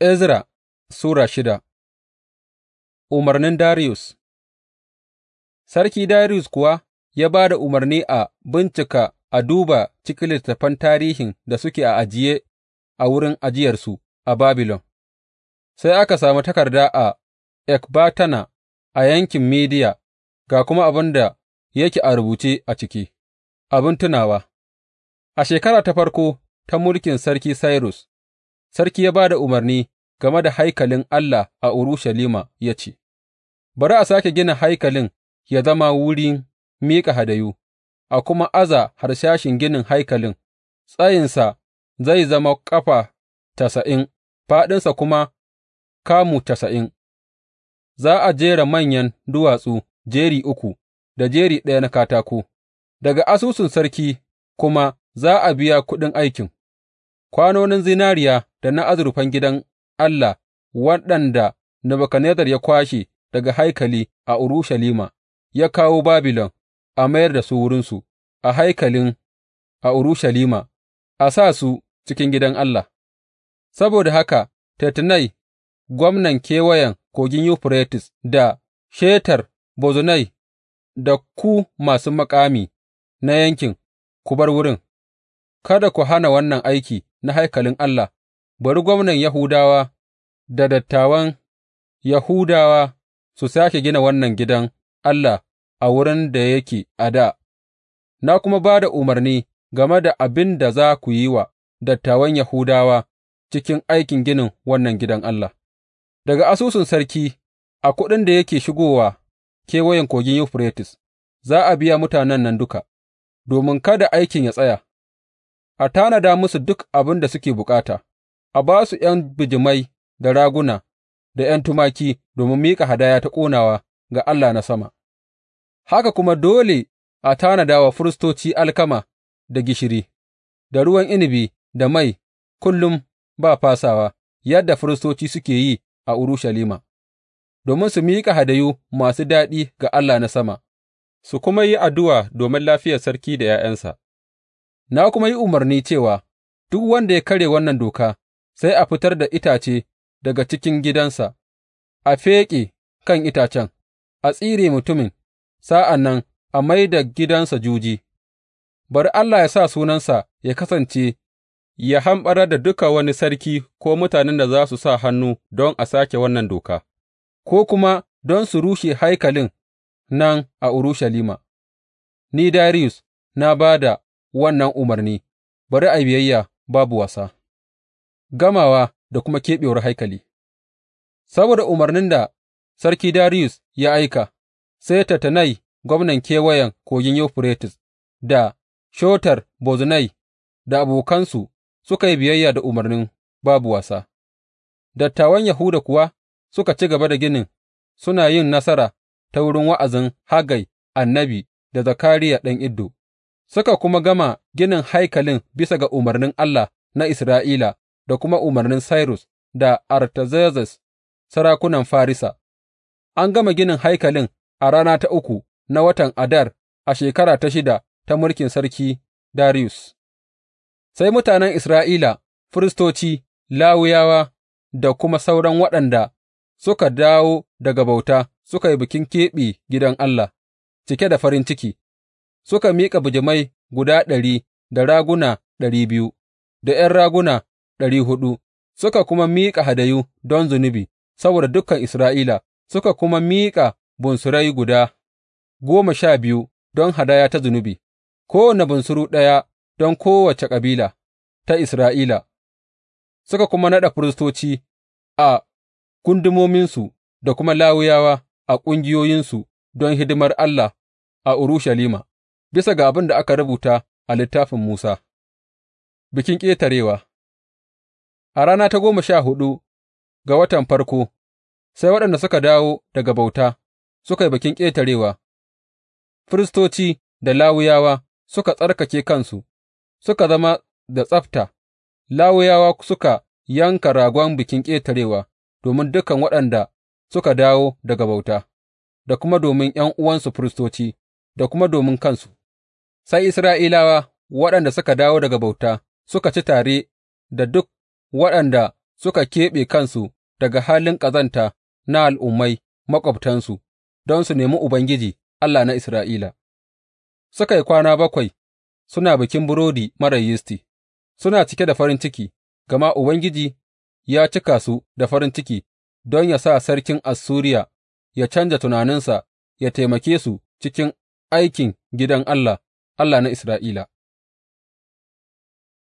Ezra Sura shida Umarnin Darius. Sarki Darius kuwa ya ba da umarni a bincika a duba cikin littattafan tarihin da suke a ajiye a wurin ajiyarsu a Babilon, sai aka sami takarda a Ekbatana a yankin Mediya ga kuma abin da yake a rubuce a ciki, abin tunawa, a shekara ta farko ta mulkin Sarki Sirus. sarki ya ba da umarni game da haikalin Allah a Urushalima ya ce, Bari a sāke gina haikalin ya zama wurin miƙa hadayu, a kuma aza harsashin ginin haikalin, tsayinsa zai zama ƙafa tasa'in, faɗinsa kuma kamu tasa'in, za a jera manyan duwatsu jeri uku da jeri ɗaya na katako, daga asusun sarki kuma za a biya kuɗin aikin. kwanonin zinariya da na azurfan gidan Allah waɗanda Nebukadnezzar ya kwashe daga haikali a Urushalima ya kawo Babilon a mayar da su wurinsu a haikalin a Urushalima, a sa su cikin gidan Allah. Saboda haka Tattenai, gwamnan kewayen kogin Yuferites da Shetar Bozunai da ku masu makami na yankin, ku bar wurin, kada ku hana wannan aiki na haikalin Allah, bari gwamnan Yahudawa da dattawan Yahudawa su sake gina wannan gidan Allah a wurin da yake a da. na kuma ba da umarni game da abin da za ku yi wa dattawan Yahudawa cikin aikin ginin wannan gidan Allah, daga asusun sarki a kuɗin da yake shigowa kewayen kogin Yuferites, za a biya mutanen nan duka, domin kada aikin ya tsaya. a tanada musu duk abin da suke bukata, a ba su ’yan bijimai da raguna da ’yan tumaki domin miƙa hadaya ta ƙonawa ga Allah na sama, haka kuma dole a tanada wa firistoci alkama da gishiri, da ruwan inibi da mai kullum ba fasawa, yadda firistoci suke yi a Urushalima, domin su miƙa hadayu masu daɗi ga Allah na sama, su kuma yi addu'a domin lafiyar sarki da ’ya'yansa. na kuma yi umarni cewa duk wanda ya karya wannan doka, sai a fitar da itace daga cikin gidansa, a feƙe kan itacen, a tsire mutumin, sa'an nan a mai da gidansa juji, bari Allah ya sa sunansa ya kasance ya hamɓara da duka wani sarki ko mutanen da za su sa hannu don a sake wannan doka, ko kuma don su rushe haikalin nan a Urushalima. Ni Darius na ba da wannan umarni, bari a yi biyayya babu wasa, gamawa da kuma keɓewar haikali Saboda umarnin da Sarki Darius ya aika, sai Tattenai, gwamnan Kewayen Kogin Yuferites, da Shotar Bozenai da abokansu suka yi biyayya da umarnin babu wasa, dattawan Yahuda kuwa suka ci gaba da ginin, suna yin nasara ta wurin wa'azin Haggai annabi da Zakariya ɗan Iddo. Suka kuma gama ginin haikalin bisa ga umarnin Allah na Isra'ila da kuma umarnin Sairus da Artaxerxes, sarakunan Farisa, an gama ginin haikalin a rana ta uku na watan Adar a shekara ta shida ta mulkin Sarki Darius. Sai mutanen Isra'ila, firistoci, lawuyawa da kuma sauran waɗanda suka dawo daga bauta suka yi bikin keɓe gidan Allah, cike da farin ciki suka miƙa bijimai guda ɗari da raguna ɗari biyu, da ’yan raguna ɗari huɗu, suka kuma miƙa hadayu don zunubi saboda dukan Isra'ila, suka kuma miƙa bunsurai guda goma sha biyu don hadaya ta zunubi, kowane bunsuru ɗaya don kowace ƙabila ta Isra'ila, suka kuma naɗa firistoci a gundumominsu da kuma lawuyawa a ƙungiyoyinsu don hidimar Allah a Urushalima. bisa ga abin da aka rubuta a littafin Musa, Bikin Ƙetarewa A rana ta goma sha hudu ga watan farko, sai waɗanda suka dawo daga bauta suka yi Bikin Ƙetarewa, firistoci da lawuyawa suka tsarkake kansu, suka zama da tsafta, lawuyawa suka yanka ragon Bikin Ƙetarewa domin dukan waɗanda suka dawo daga bauta, da kuma domin uwansu firistoci, da kuma domin kansu. sai Isra'ilawa waɗanda suka dawo daga bauta suka ci tare da duk waɗanda suka keɓe kansu daga halin ƙazanta na al'ummai maƙwabtansu don su nemi Ubangiji Allah na Isra'ila. Suka yi kwana bakwai suna bikin burodi marar yisti, suna cike da farin ciki, gama Ubangiji ya cika su da farin ciki don ya sa sarkin Assuriya ya canja tunaninsa, ya taimake su cikin aikin gidan Allah Allah na Isra'ila.